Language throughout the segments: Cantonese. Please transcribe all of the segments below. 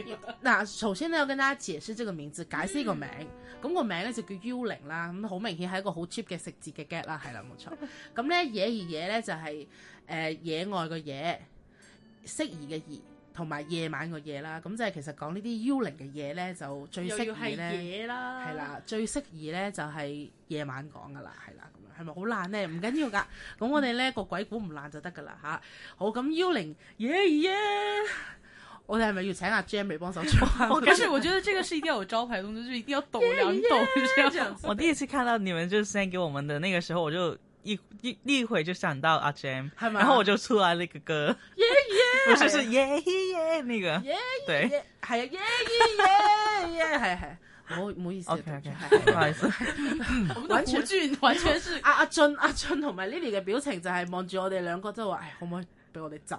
嗱、 啊，首先咧，我跟大家解釋個名字，解釋個名字。咁、嗯那個名咧就叫幽靈啦，咁好明顯係一個好 cheap 嘅食字嘅 get 啦，係啦，冇錯。咁 咧野而野咧就係、是、誒、呃、野外嘅野，適宜嘅宜，同埋夜晚嘅夜啦。咁即係其實講靈呢啲幽靈嘅嘢咧，就最適宜啦。係啦，最適宜咧就係、是、夜晚講噶啦，是是係啦，咁樣係咪好爛咧？唔緊要噶，咁我哋咧個鬼故唔爛就得噶啦吓，好，咁幽靈野而野。耶耶我哋係咪要請阿 Jam 幫手唱，不是， 我覺得這個是一定要有招牌動作，就是、一定要抖兩抖，這樣是是。我第一次看到你們就是 send 給我們的那個時候，我就一一一回就想到阿 Jam， 然後我就出來那個歌，耶耶、yeah, yeah, yeah, yeah, yeah, Is so yeah,，不是耶耶耶那個，耶、yeah,，對，係啊耶耶耶耶，係係，唔唔好意思，OK OK，不好意思，karşı paradise 完全我不完全是阿阿、啊、俊，阿、啊、俊同埋 Lily 嘅表情就係望住我哋兩個，即係話，唉、啊，可唔可以俾我哋走？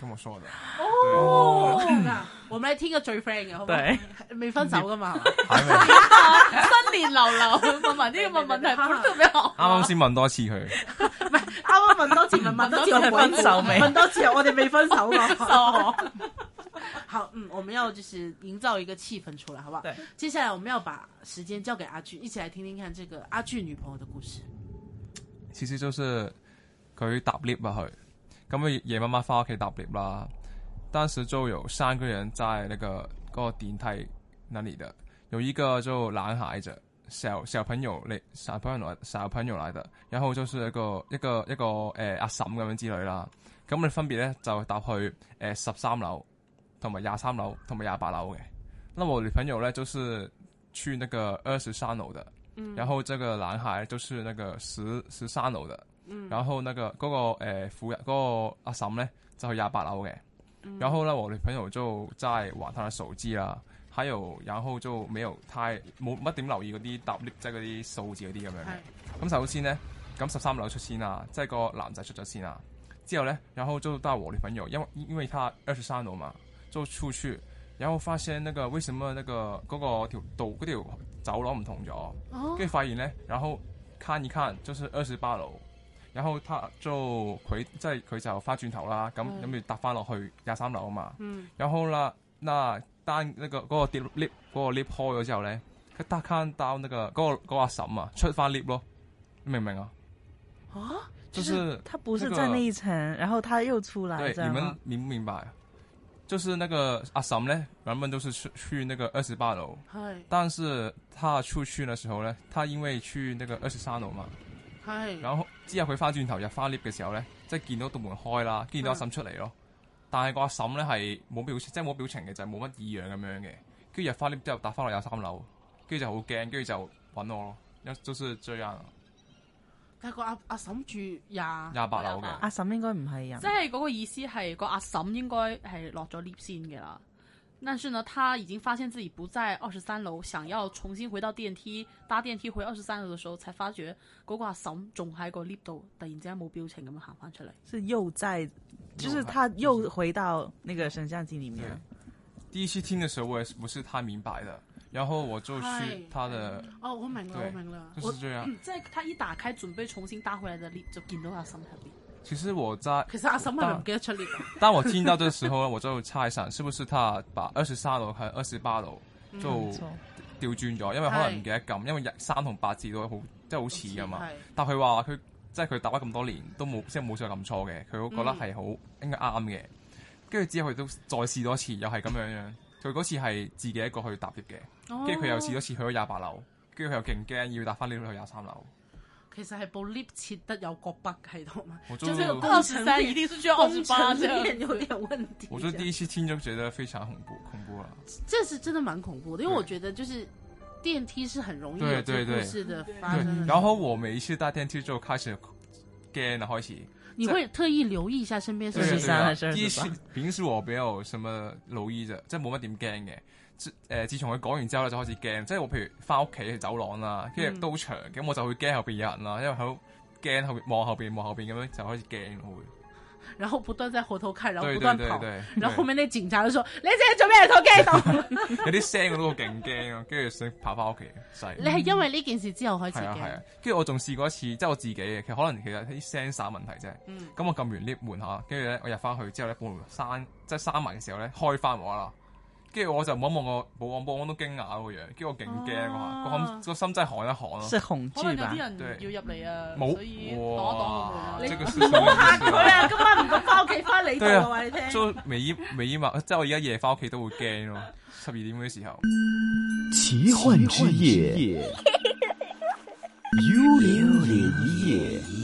咁我疏咗哦，哦嗯、我咪天個最 friend 嘅，好唔好？未分手㗎嘛？新年流流， 我問啲咁嘅問題做咩，啱啱先問多次佢，唔係啱啱問多次， 問多次， 問多次我分手未？問多次我哋沒未分手嘛？ 好，嗯，我們要就是營造一個氣氛出嚟，好不好？對，接下來我們要把時間交給阿俊，一起來聽聽看這個阿俊女朋友的故事。其實就是佢搭 lift 入去。咁啊，夜媽媽翻屋企搭 lift 啦。當時就有三個人在那個、那個電梯那裏的，有一個就男孩子小小朋友嚟，小朋友，來小朋友來，小朋友來的。然後就是一個一個一個誒、呃、阿嬸咁樣之類啦。咁我分別咧就搭去誒十三樓，同埋廿三樓，同埋廿八樓嘅。那我女朋友咧就是去那個二十三樓的、嗯，然後這個男孩就是那個十十三樓的。嗯、然後那個嗰個誒婦人嗰個阿嬸咧就去廿八樓嘅。嗯、然後咧，我女朋友就揸玩下手機啦、啊，喺度，然後就冇太冇乜點留意嗰啲搭 lift 即係嗰啲數字嗰啲咁樣嘅。咁、嗯、首先咧，咁十三樓出先啦，即、就、係、是、個男仔出咗先啦。之後咧，然後就到我女朋友，因為因為他二十三樓嘛，就出去，然後發現那個為什麼那個嗰、那個、那個、條道嗰條走廊唔同咗，跟、哦、住發現咧，然後看一看就是二十八樓。然後他就佢即係佢就翻轉頭啦，咁咁咪搭翻落去廿三樓啊嘛。然後啦，嗱、嗯、單呢個嗰個跌 lift 嗰個 lift 開咗之後咧，佢搭然到那個嗰個阿嬸啊出翻 lift 咯，你明唔明啊？哦，就是他不是在那一層，那個、然後他又出來。你們明唔明白？就是那個阿嬸咧，原本都是去去那個二十八樓，但是他出去嘅時候咧，他因為去那個二十三樓嘛。咁之後佢翻轉頭入翻 lift 嘅時候咧，即係見到道門開啦，見到阿嬸出嚟咯。但係個阿嬸咧係冇表情，即係冇表情嘅，就係冇乜異樣咁樣嘅。跟住入翻 lift 之後，搭翻落廿三樓，跟住就好驚，跟住就揾我咯，都都要追人。但係個阿阿嬸住廿廿八樓嘅，阿嬸應該唔係呀。即係嗰個意思係個阿嬸應該係落咗 lift 先嘅啦。但是呢，他已經發現自己不在二十三樓，想要重新回到電梯，搭電梯回二十三樓的時候，才發覺，我話阿嬸仲喺我呢度，突然之間冇表情咁樣行翻出嚟，是又在，就是他又回到那個升降機裏面，啊。第一期聽的時候，我也是不是太明白的，然後我就去他的，哎，哦，我明了，我明了，就是這樣。嗯、在他一打開準備重新搭回來的力，就見到個阿嬸。其實我在，其實阿嬸可能唔記得出嚟、啊。我當， 當我聽到嘅時候咧，我就猜想，是不是他把二十三樓開二十八樓就調轉咗？因為可能唔記得撳，因為三同八字都好即係好似噶嘛。但佢話佢即係佢搭咗咁多年都冇，即係冇試過撳錯嘅，佢覺得係好、嗯、應該啱嘅。跟住之後佢都再試多次，又係咁樣樣。佢 嗰次係自己一個去搭 lift 嘅，跟住佢又試多次去咗廿八樓，跟住佢又勁驚要搭翻呢度去廿三樓。其實係不 u l l i p 設得有角壁喺度嘛，就這個工程一定十八這面有點問題。我做 第一次聽就覺得非常恐怖，恐怖啦！這是真的蠻恐怖的，的因為我覺得就是電梯是很容易有故事的發生，對對對。然後我每一次搭電梯就開始驚啦，開始。你會特意留意一下身邊是十三還是二十八？平時我沒有什麼留意啫，即係冇乜點驚嘅。誒，自從佢講完之後咧，就開始驚。即係我譬如翻屋企去走廊啦，跟住都好長，咁我就會驚後邊有人啦，因為好驚後望後邊望後邊咁樣，就開始驚咯會。然後不斷在後頭看，然後不斷跑，然後後面啲警察就，你再準做咩？頭跟一陣。有啲聲我都勁驚啊，跟住想跑翻屋企。你係因為呢件事之後開始驚？係啊，係啊。跟住、啊、我仲試過一次，即係我自己嘅，其實可能其實啲 sensor 問題啫。咁、嗯嗯、我撳完 lift 下，跟住我入翻去之後咧，閂即係閂門嘅時候咧，開翻我啦。跟住我就望一望我，保安，保安都驚訝個樣，跟住我勁驚啊！個心個心真係寒一寒咯。食紅椒啊！啲人要入嚟啊！冇，所以躲躲、啊。你唔好嚇佢啊！今晚唔敢翻屋企，翻你度話你聽。即係每夜每夜晚，即係我而家夜翻屋企都會驚咯。十二點嗰時候，奇幻之夜， 幽靈夜。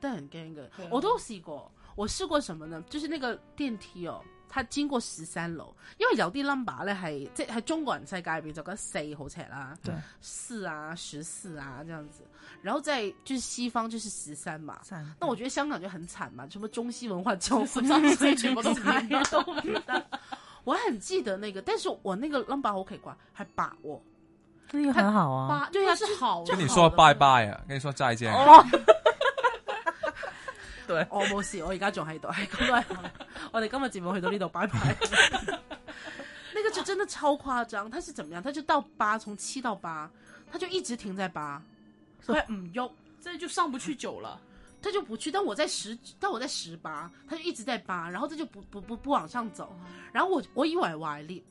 都很驚嘅、啊，我都試過，我試過什麼呢？就是那個電梯哦，它經過十三樓，因為有啲 number 呢，係即係中國人在加爾比做個 C 好彩啦，對，四啊、十四啊這樣子，然後在就是西方就是十三嘛，三、那我覺得香港就很慘嘛，什麼中西文化交錯， 全部都唔買都 我很記得那個，但是我那個 number 我可以掛，還把握，那、哎、個很好啊。對，係是，是好，跟你說拜拜啊，跟你說再見、啊。啊。我冇、oh, 事，我而家仲喺度，咁樣，我哋今日節目去到呢度，拜拜。那個就真的超誇張，他是怎麼樣？他就到八，從七到八，他就一直停在八，所以唔喐， 所以就上不去九了，他就不去。但我在十，但我在十八，他就一直在八，然後他就不不不不往上走。然後我我以歪歪力，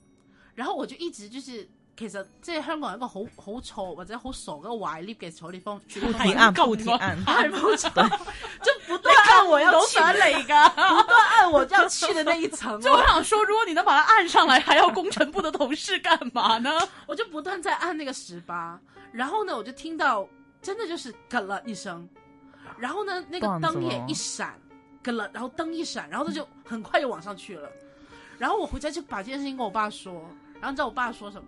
然後我就一直就是。其實這香港有一個好好坐或者好傻嘅壞 lift 嘅坐 lift 方，點按鋪點按，係不，不，不，、啊、不錯，就不斷按我要，前屘噶，不斷按我要去的那一層。 種種種種種就我想說，如果你能把它按上來，還要工程部的同事幹嘛呢？ 我就不斷在按那個十八，然後呢我就聽到真的就是咯一聲，然後呢那個燈也一閃，咯、嗯，然後燈一閃，然後他就很快就往上去了。然後我回家就把這件事情跟我爸說，然後你知道我爸說什麼？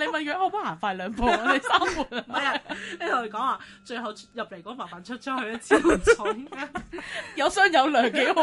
你問佢：「可唔可行快兩步？你生活哎呀！ 是啊、 你同佢講話，最後入嚟嗰個麻煩出出去咧超重嘅， 有商有量、啊，幾好。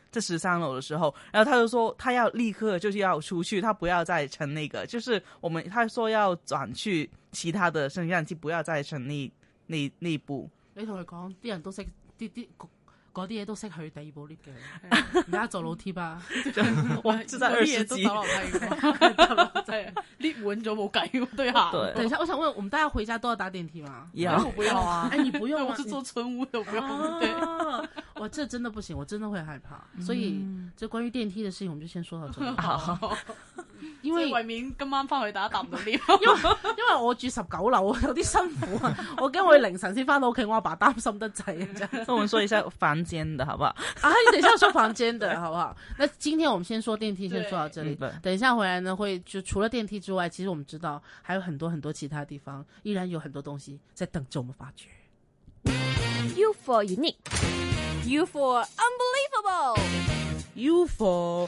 在十三樓的時候，然後他就說他要立刻就是要出去，他不要再乘那個，就是我們他說要轉去其他的升降機，不要再乘那那那部。你同佢講，啲人都識啲啲。嗰啲嘢都識去第二部 lift 嘅，而家走樓梯吧，嗰啲嘢都走落嚟，真係 lift 滿咗冇計，對哈？等一下，我想問，我們大家回家都要打電梯嗎？要、 欸，我不要啊、欸？哎，你不用、啊， 我是做村屋嘅，不要。哦、 啊，對 哇，這真的不行，我真的會害怕， 嗯、所以，這關於電梯的事情，我們就先說到這。 好，好。好笑因為外面今晚翻去大家搭唔到 lift，因為我住十九樓，有啲辛苦啊， 我驚我凌晨先翻到屋企，我阿爸擔心得滯。 那我們說一下房間的好不好？ 啊，你等一下說房間的好不好？那今天我們先說電梯，先說到這裏。等一下回來呢，會就除了電梯之外，其實我們知道還有很多很多其他地方，依然有很多東西在等着我們發掘。You for unique, you for unbelievable, you for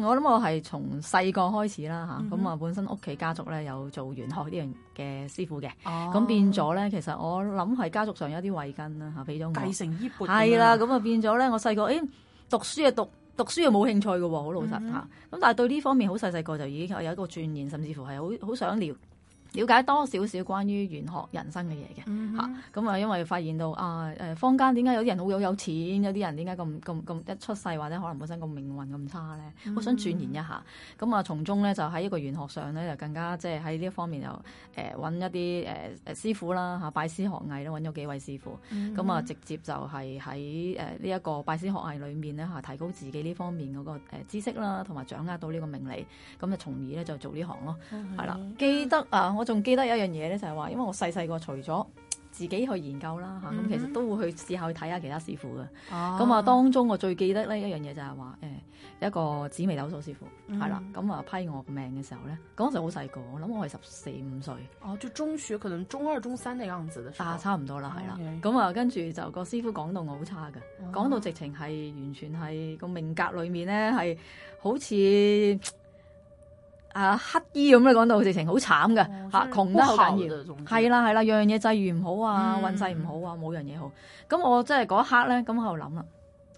我諗我係從細個開始啦吓，咁、嗯、啊本身屋企家族咧有做玄學呢樣嘅師傅嘅，咁、哦、變咗咧，其實我諗係家族上有一啲慧根啦吓俾咗我繼承衣鉢。係啦，咁啊變咗咧，我細個誒讀書啊讀讀書又冇興趣嘅喎，好老實吓，咁、嗯、但係對呢方面好細細個就已經有一個鑽研，甚至乎係好好想聊。了解多少少關於玄學人生嘅嘢嘅吓，咁、mm、啊 -hmm. 嗯、因為發現到啊誒坊間點解有啲人好有有錢，有啲人點解咁咁咁一出世或者可能本身個命運咁差咧？我、mm -hmm. 想鑽研一下，咁啊從中咧就喺一個玄學上咧就更加即係喺呢一方面又誒揾一啲誒誒師傅啦吓、啊、拜師學藝啦，揾咗幾位師傅，咁、mm、啊 -hmm. 直接就係喺呢一個拜師學藝裏面咧吓提高自己呢方面嗰個誒知識啦，同埋掌握到呢個命理，咁啊從而咧就做呢行咯，係、mm、啦 -hmm.，記得啊我仲記得有一樣嘢咧，就係話，因為我細細個除咗自己去研究啦嚇，咁、mm -hmm. 其實都會去試下去睇下其他師傅嘅。咁啊，當中我最記得呢一樣嘢就係話，誒一個紫微斗數師傅，係、mm、啦 -hmm.，咁啊批我個命嘅時候咧，嗰陣時好細個，我諗我係十四五歲。哦、啊，即中學可能中二、中三嘅樣子嘅。但差唔多啦，係啦。咁啊，跟住就個師傅講到我好差嘅，講、ah. 到直情係完全係個命格裏面咧，係好似。啊，乞衣咁啊，講到事情好慘噶嚇，窮得好緊要，係啦係啦，嗯、樣樣嘢際遇唔好啊，運勢唔好啊，冇樣嘢好。咁我真係嗰刻咧，咁我又諗啦。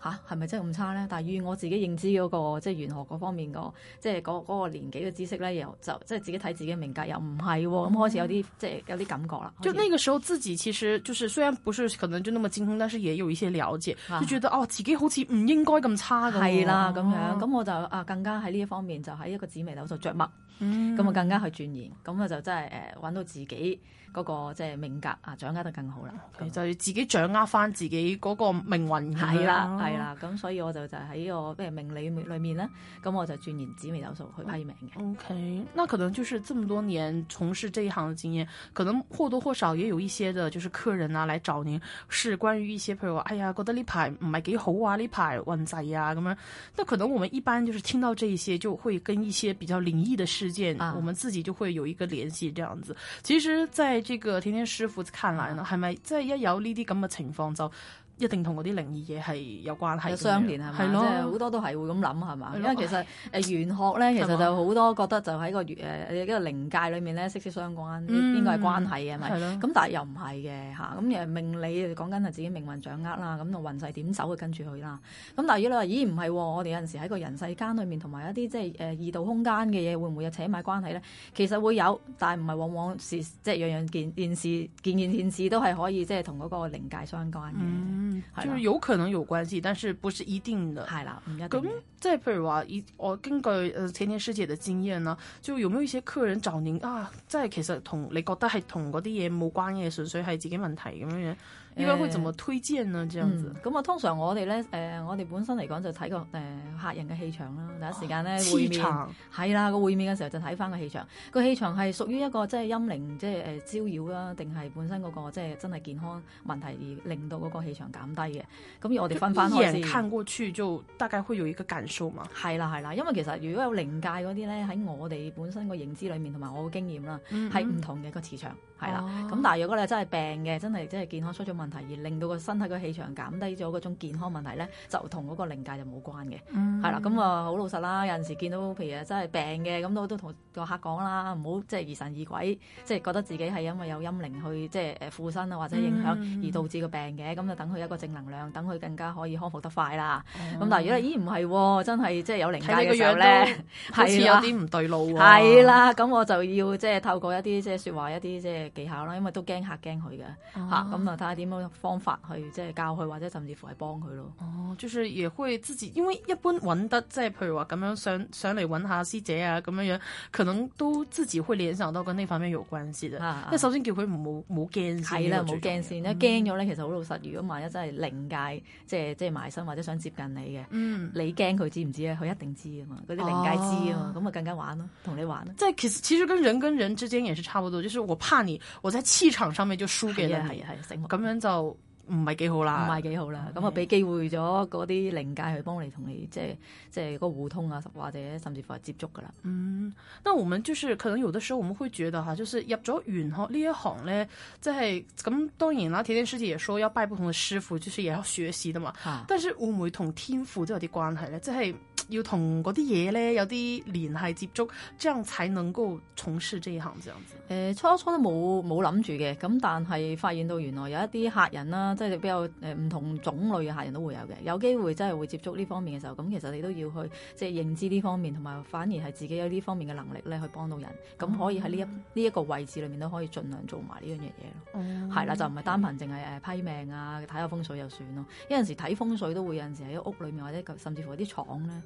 嚇、啊，係咪真係咁差咧？但係以我自己認知嗰、那個即係玄學嗰方面的、就是那個即係嗰個年紀嘅知識咧，又就即係自己睇自己嘅名格又唔係喎，咁、嗯、開始有啲即係有啲感覺啦。就呢個時候自己其實就是雖然不是可能就那麼精通，但是也有一些了解，就覺得、啊、哦自己好似唔應該咁差咁。係啦，咁樣咁、啊、我就啊更加喺呢一方面就喺一個紫微斗數度着墨，咁、嗯、啊更加去鑽研，咁啊就真係誒、呃、搵到自己。嗰、那個即係命格啊，掌握得更好啦，okay, 就自己掌握翻自己嗰個命運係啦，係啦，咁、啊啊啊啊、所以我就就喺個咩命理裏面呢，咁我就鑽研紫微斗數去批命嘅。O、啊、K、啊啊啊、那可能就是這麼多年從事這一行嘅經驗，可能或多或少也有一些的，就是客人啊，來找您，是關於一些譬如，哎呀覺得呢排唔係幾好啊，呢排運勢啊咁樣。那、啊、可能我們一般就是聽到這些，就會跟一些比較靈異的事件、啊，我們自己就會有一個聯繫，這樣子。其實在這個天天師傅看來呢，係咪？即係一有呢啲咁嘅情況就。一定同嗰啲靈異嘢係有關係相連係咪？係囉，好多都係會咁諗係嘛？因為其實誒玄學咧，其實就好多覺得就喺個、呃、一個靈界裏面咧息息相關，應該係關係嘅係咪？咁但係又唔係嘅吓，咁命理講緊係自己命運掌握啦，咁個運勢點走去跟住佢啦。咁但係如果你話咦，唔係喎，我哋有陣時喺個人世間裏面同埋一啲即係誒異度空間嘅嘢會唔會有扯埋關係咧？其實會有，但係唔係往往即係、就是、樣樣件件事件件事都係可以即係同嗰個靈界相關嘅。嗯 就是有可能有關係，但是不是一定的。係啦，咁 即係譬如話，以我根據誒甜甜師姐的經驗呢，就有冇一些客人找您啊，即係其實同你覺得係同嗰啲嘢冇關嘅，純粹係自己問題咁樣樣。應該會怎麼推薦呢？咁、嗯、樣子咁啊！嗯、通常我哋咧、呃，我哋本身嚟講就睇個、呃、客人嘅氣場啦。第一時間咧，會面係啦，個會面嘅時候就睇翻個氣場。個氣場係屬於一個即係陰靈，即係、呃、招擾啦，定係本身嗰、嗰個即係真係健康問題而令到嗰個氣場減低嘅。咁我哋分翻開先。一眼看過去就大概會有一個感受嘛。係啦係啦，因為其實如果有靈界嗰啲咧，喺我哋本身個認知裏面同埋我嘅經驗啦，係、嗯、唔、嗯、同嘅一個磁場。係、哦、啦，咁但係如果你真係病嘅，真係真係健康出咗問題，而令到個身體個氣場減低咗嗰種健康問題咧，就同嗰個靈界就冇關嘅。嗯，係啦，咁啊好老實啦，有陣時候見到譬如真係病嘅，咁都都同個客講啦，唔好即係疑神疑鬼，即、就、係、是、覺得自己係因為有陰靈去即係誒附身啊或者影響而導致個病嘅，咁、嗯、就等佢一個正能量，等佢更加可以康復得快啦。咁、嗯、但係如果你咦唔係、喔，真係即係有靈界嘅時候咧，你好似有啲唔對路喎。係啦，咁我就要即係、就是、透過一啲即係說話一啲即係。就是技巧啦，因為都驚嚇驚佢嘅嚇，咁啊睇下點樣方法去即係教佢，或者甚至乎係幫佢咯。哦、oh，就是也會自己，因為一般揾得即係譬如話咁樣上，上想嚟揾下師姐啊咁樣樣，可能都自己會聯想到跟呢方面有關係嘅。啊，即首先叫佢唔好唔好驚先，係啦，唔好驚先，因為驚咗咧，其實好老實，如果萬一真係靈界，即係即係埋身或者想接近你嘅，mm. 你驚佢知唔知咧？佢一定知啊嘛，嗰啲靈界知啊嘛，咁、oh. 啊更加玩咯，同你玩咯。即係其實其實跟人跟人之間也是差不多，就是我怕你。我在氣場上面都輸嘅啦，咁、啊啊啊、樣就唔係幾好啦，唔係幾好啦，咁啊俾機會咗嗰啲靈界去幫你，你、就是就是、同你即係即係個互通啊，或者甚至乎係接觸噶啦。嗯，那我們就是可能有的時候我們會覺得哈，就是入咗玄學呢一行咧，即係咁當然啦，天天師姐也說要拜不同的師傅，就是也要學習的嘛。啊、但是會唔會同天賦都有啲關係咧？即、就、係、是。要同嗰啲嘢咧有啲聯繫接觸，這樣才能夠從事呢一行。咁樣子誒、呃，初初都冇冇諗住嘅。咁但係發現到原來有一啲客人啦，即係比較誒唔、呃、同種類嘅客人都會有嘅。有機會真係會接觸呢方面嘅時候，咁其實你都要去即係、就是、認知呢方面，同埋反而係自己有呢方面嘅能力咧，去幫到人。咁、嗯、可以喺呢一呢一、嗯這個位置裏面都可以儘量做埋呢樣嘢嘢咯。係、嗯、啦，就唔係單憑淨係誒批命啊、睇下風水就算咯。有陣時睇風水都會有陣時喺屋裏面或者甚至乎啲廠咧。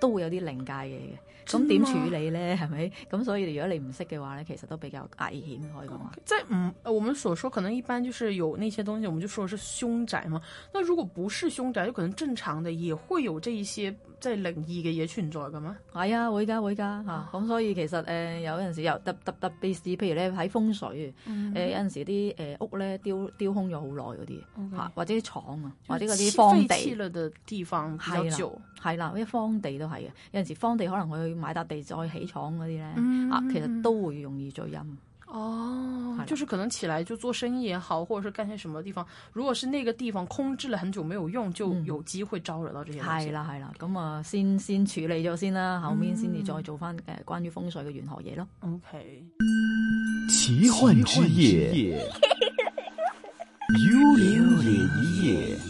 都會有啲靈界嘅嘢嘅，咁點處理咧？係咪？咁所以如果你唔識嘅話咧，其實都比較危險，可以講話。即係唔，我們所說可能一般，就是有呢些東西，我們就說是凶宅嘛。那如果不是凶宅，就可能正常的也會有這一些即係靈異嘅嘢存在㗎嘛？係啊，會噶會噶嚇。咁、啊啊、所以其實誒、呃、有陣時又特特特別是譬如咧喺風水誒、嗯呃、有陣時啲誒、呃、屋咧丟丟空咗好耐嗰啲或者啲廠啊，或者嗰啲荒地了的地方，係啦，一荒地都。係嘅，有陣時荒地可能去買笪地再起廠嗰啲咧，啊，其實都會容易聚陰。哦，就是可能起來就做生意也好，或者是幹些什麼地方，如果是那個地方空置了很久沒有用，就有機會招惹到這些。係啦係啦，咁啊，先先處理咗先啦、嗯，後面先至再做翻誒關於風水嘅玄學嘢咯。OK，奇幻之夜 幽靈之夜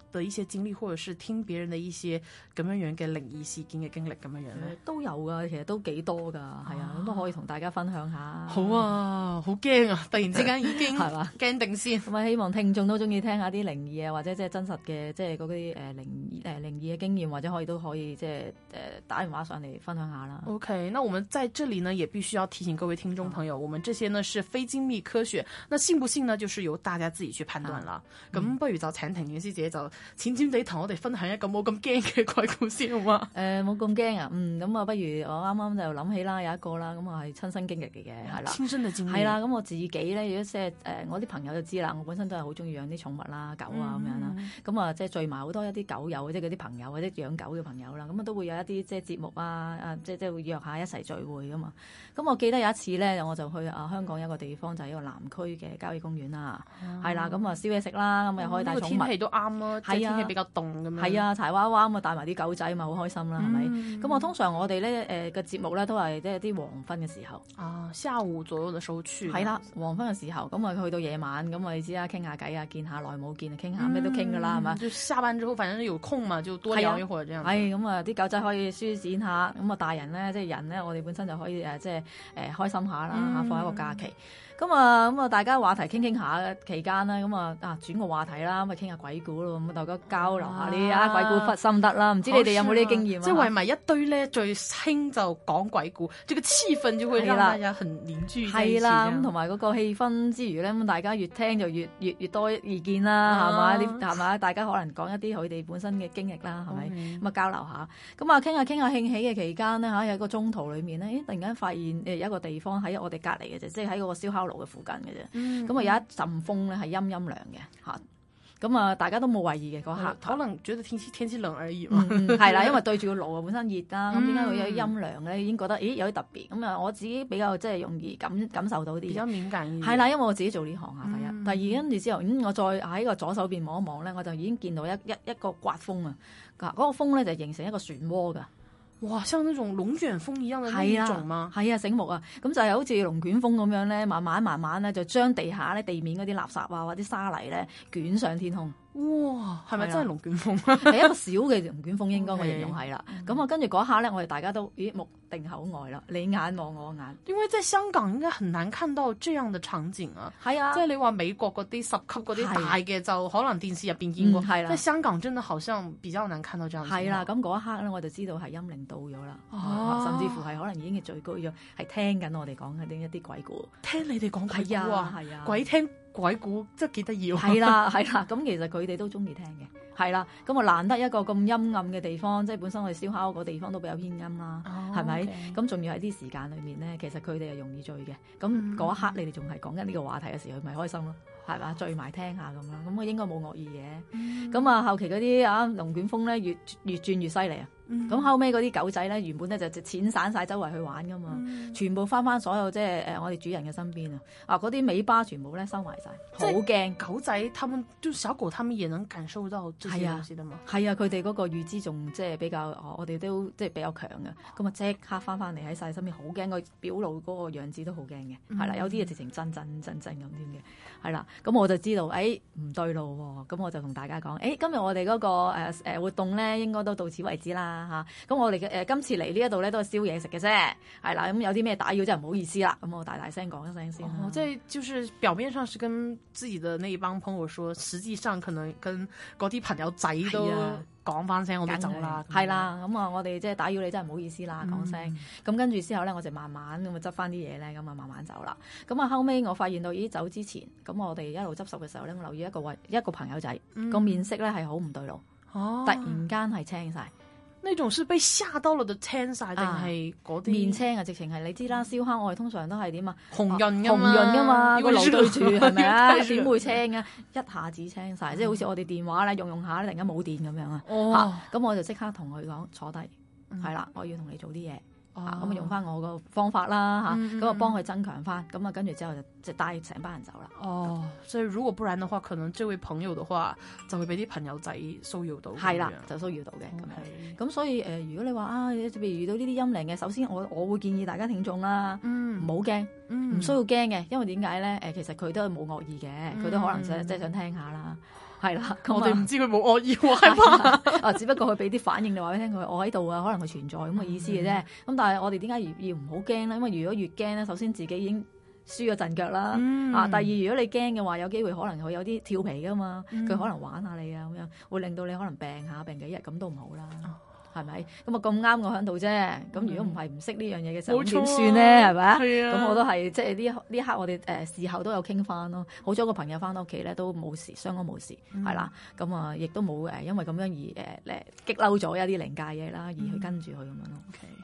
的一些經歷，或者是聽別人的一些咁樣樣嘅靈異事件嘅經歷咁樣樣咧，都有噶，其實都幾多噶，係啊，咁都可以同大家分享下。好啊，好驚啊！突然之間已經係嘛，驚定先。咁啊，希望聽眾都中意聽下啲靈異啊，或者即係真實嘅，即係嗰啲誒靈誒靈異嘅、呃、經驗，或者可以都可以即係誒、呃、打電話上嚟分享下啦。OK，那我們在這裡呢，也必須要提醒各位聽眾朋友，我們這些呢是非精密科學，那信不信呢，就是由大家自己去判斷啦。咁、嗯、不如就請婷師姐就。淺淺地同我哋分享一個冇咁驚嘅鬼故事好嘛？誒冇咁驚啊，嗯咁啊，不如我啱啱就諗起啦，有一個啦，咁我係親身經歷嘅，係、嗯、啦，親身嘅經歷，係啦，咁我自己咧，如果即係、呃、我啲朋友就知啦，我本身都係好中意養啲寵物啦，狗啊咁、嗯、樣啦，咁啊即係聚埋好多一啲狗友，即係嗰啲朋友或者養狗嘅朋友啦，咁啊都會有一啲即係節目啊，即即係會約下一齊聚會噶嘛。咁我記得有一次咧，我就去啊香港一個地方就係、是、一個南區嘅郊野公園啦，係、嗯、啦，咁啊燒嘢食啦，咁、嗯、又可以帶寵物，嗯這個、天氣都啱咯。係啊，天氣比較凍咁樣。係啊，柴娃娃咁啊，帶埋啲狗仔嘛，好開心啦，係、嗯、咪？咁我通常我哋咧誒嘅節目咧都係即係啲黃昏嘅時候。啊，下午左右就收場。係啦，黃昏嘅時候，咁啊去到夜晚，咁啊你知啦，傾下偈啊，見下耐冇見啊，傾下咩都傾㗎啦，係咪？就下班之後，反正有空嘛，就多養一號啫。係咁啊啲狗仔可以舒展下，咁啊大人咧即係人咧，我哋本身就可以誒即係誒開心下啦嚇、嗯，放一個假期。咁啊，咁啊，大家話題傾傾下，期間咧，咁啊啊轉個話題啦，咁啊傾下鬼故咯，咁大家交流下呢啲、啊、鬼故心得啦。唔知你哋有冇呢啲經驗、啊是啊、即係圍埋一堆咧，最興就講鬼故，仲要黐瞓，仲要拉得係啦，咁同埋嗰個氣氛之餘咧，咁大家越聽就越越越多意見啦，係、啊、嘛？係嘛？大家可能講一啲佢哋本身嘅經歷啦，係咪？咁啊交流下。咁啊傾下傾下興起嘅期間咧，嚇、啊、有一個中途裡面咧，突然間發現誒有一個地方喺我哋隔籬嘅啫，即係喺個燒烤。附近嘅啫，咁、嗯、啊、嗯、有一陣風咧，係陰陰涼嘅吓，咁啊大家都冇懷疑嘅嗰刻，可能主要天之天之涼而熱係啦，嗯、 因為對住個爐啊，本身熱啦，咁點解會有陰涼咧？已經覺得咦有啲特別，咁啊我自己比較即係、就是、容易感感受到啲。而家敏感，係啦，因為我自己做呢行啊，第一，嗯、第二跟住之後，嗯，我再喺個左手邊望一望咧，我就已經見到一一一個刮風啊，嗰、那個風咧就形成一個漩渦噶。哇，像那種龍捲風一樣啊，那種嗎？係啊，啊，醒目啊！咁就係好似龍捲風咁樣咧，慢慢慢慢咧，就將地下咧地面嗰啲垃圾啊或者沙泥咧，捲上天空。哇，係咪真係龍捲風？係 一個小嘅龍捲風應該我形容係啦。咁、okay，啊、嗯嗯，跟住嗰一刻咧，我哋大家都咦目定口呆啦，你眼望我眼。因即係香港應該難看到這樣的場景啊。係啊，即、就、係、是、你話美國嗰啲十級嗰啲大嘅、啊，就可能電視入邊見過。係啦、啊。即、嗯、係、啊、香港真係好像比較難看到張。係啦、啊，咁嗰一刻咧，我就知道係陰靈到咗啦、啊嗯，甚至乎係可能已經係最高咗，係聽緊我哋講緊一啲鬼故。聽你哋講鬼啊，是啊，是啊！鬼聽鬼故真係幾得意。係啦係啦，咁 其實佢哋都中意聽嘅，係啦，咁啊難得一個咁陰暗嘅地方，即係本身我哋燒烤個地方都比較偏陰啦，係、oh, 咪、okay.？咁仲要喺啲時間裏面咧，其實佢哋係容易醉嘅，咁嗰一刻你哋仲係講緊呢個話題嘅時候，咪、mm. 開心咯，係嘛？醉埋聽一下咁咯，咁我應該冇惡意嘅，咁、mm. 啊後期嗰啲啊龍捲風咧越越轉越犀利啊！咁、嗯、後尾嗰啲狗仔咧，原本咧就就錢散晒周圍去玩噶嘛、嗯，全部翻翻所有即係誒我哋主人嘅身邊啊！啊嗰啲尾巴全部咧收埋晒，好、就、驚、是！狗仔，他們即係小狗，他們也能感受到這些東西嘛？係啊，佢哋嗰個預知仲即係比較我哋都即係比較強噶，咁啊即刻翻翻嚟喺晒身邊，好驚個表露嗰個樣子都好驚嘅，係、嗯、啦、嗯啊，有啲啊直情震震震震咁添嘅，係啦、啊，咁我就知道誒唔、欸、對路喎、哦，咁我就同大家講誒、欸，今日我哋嗰、那個誒、呃呃、活動咧應該都到此為止啦。嚇、啊、咁，我哋嘅誒今次嚟呢一度咧，都係宵夜食嘅啫，係啦。咁有啲咩打擾，真係唔好意思啦。咁我大大聲講一聲先、哦啊。即係就是表面上是跟自己嘅呢班朋友說，實際上可能跟嗰啲朋友仔都講翻聲，我都走啦。係啦，咁啊，我哋即係打擾你，真係唔好意思啦，講、嗯、聲。咁跟住之後咧，我就慢慢咁啊執翻啲嘢咧，咁啊慢慢走啦。咁啊，後尾我發現到咦，走之前咁我哋一路執拾嘅時候咧，我留意一個位一個朋友仔個、嗯、面色咧係好唔對路、哦，突然間係青晒。呢種是被嚇到落就青晒，定係啲面青啊？青啊，直情係你知啦、嗯，燒烤我哋通常都係點啊？紅潤噶嘛，紅潤噶嘛，個爐老對住係咪啊？點會青啊？ 一下子青晒、嗯，即係好似我哋電話啦，用用下咧，突然間冇電咁樣、哦、啊！嚇，咁我就即刻同佢講坐低，係、嗯、啦，我要同你做啲嘢。Oh. 啊，咁啊用翻我個方法啦，吓、mm、咁 -hmm. 啊幫佢增強翻，咁啊跟住之後就即係帶成班人走啦。哦，所以如果不然的話，可能這位朋友嘅話就會俾啲朋友仔騷擾到的，係啦，就騷擾到嘅咁、okay. 樣。咁所以誒、呃，如果你話啊，譬如遇到呢啲陰靈嘅，首先我我會建議大家聽眾啦，唔好驚，唔、mm -hmm. 需要驚嘅，因為點解咧？誒，其實佢都係冇惡意嘅，佢、mm -hmm. 都可能想、mm -hmm. 即係想聽一下啦。係啦，我哋唔知佢冇惡意喎。啊， 只不過佢俾啲反應你話俾佢聽，佢我喺度啊，可能佢存在咁嘅意思嘅啫。咁、嗯嗯、但係我哋點解要唔好驚咧？因為如果越驚咧，首先自己已經輸咗陣腳啦。啊，第二，如果你驚嘅話，有機會可能佢有啲調皮㗎嘛，佢、嗯、可能玩下你啊咁樣，會令到你可能病下，病幾日咁都唔好啦。啊係咪？咁啊咁啱我喺度啫。咁如果唔係唔識呢樣嘢嘅時候，點算咧？係咪啊？咁、啊、我都係即係呢呢刻我哋誒、呃、事後都有傾翻咯。好咗個朋友翻到屋企咧都冇事，相安冇事，係、嗯、啦。咁啊，亦都冇誒因為咁樣而誒誒、呃、激嬲咗一啲靈界嘢啦，而去跟住佢咁樣咯、嗯 okay.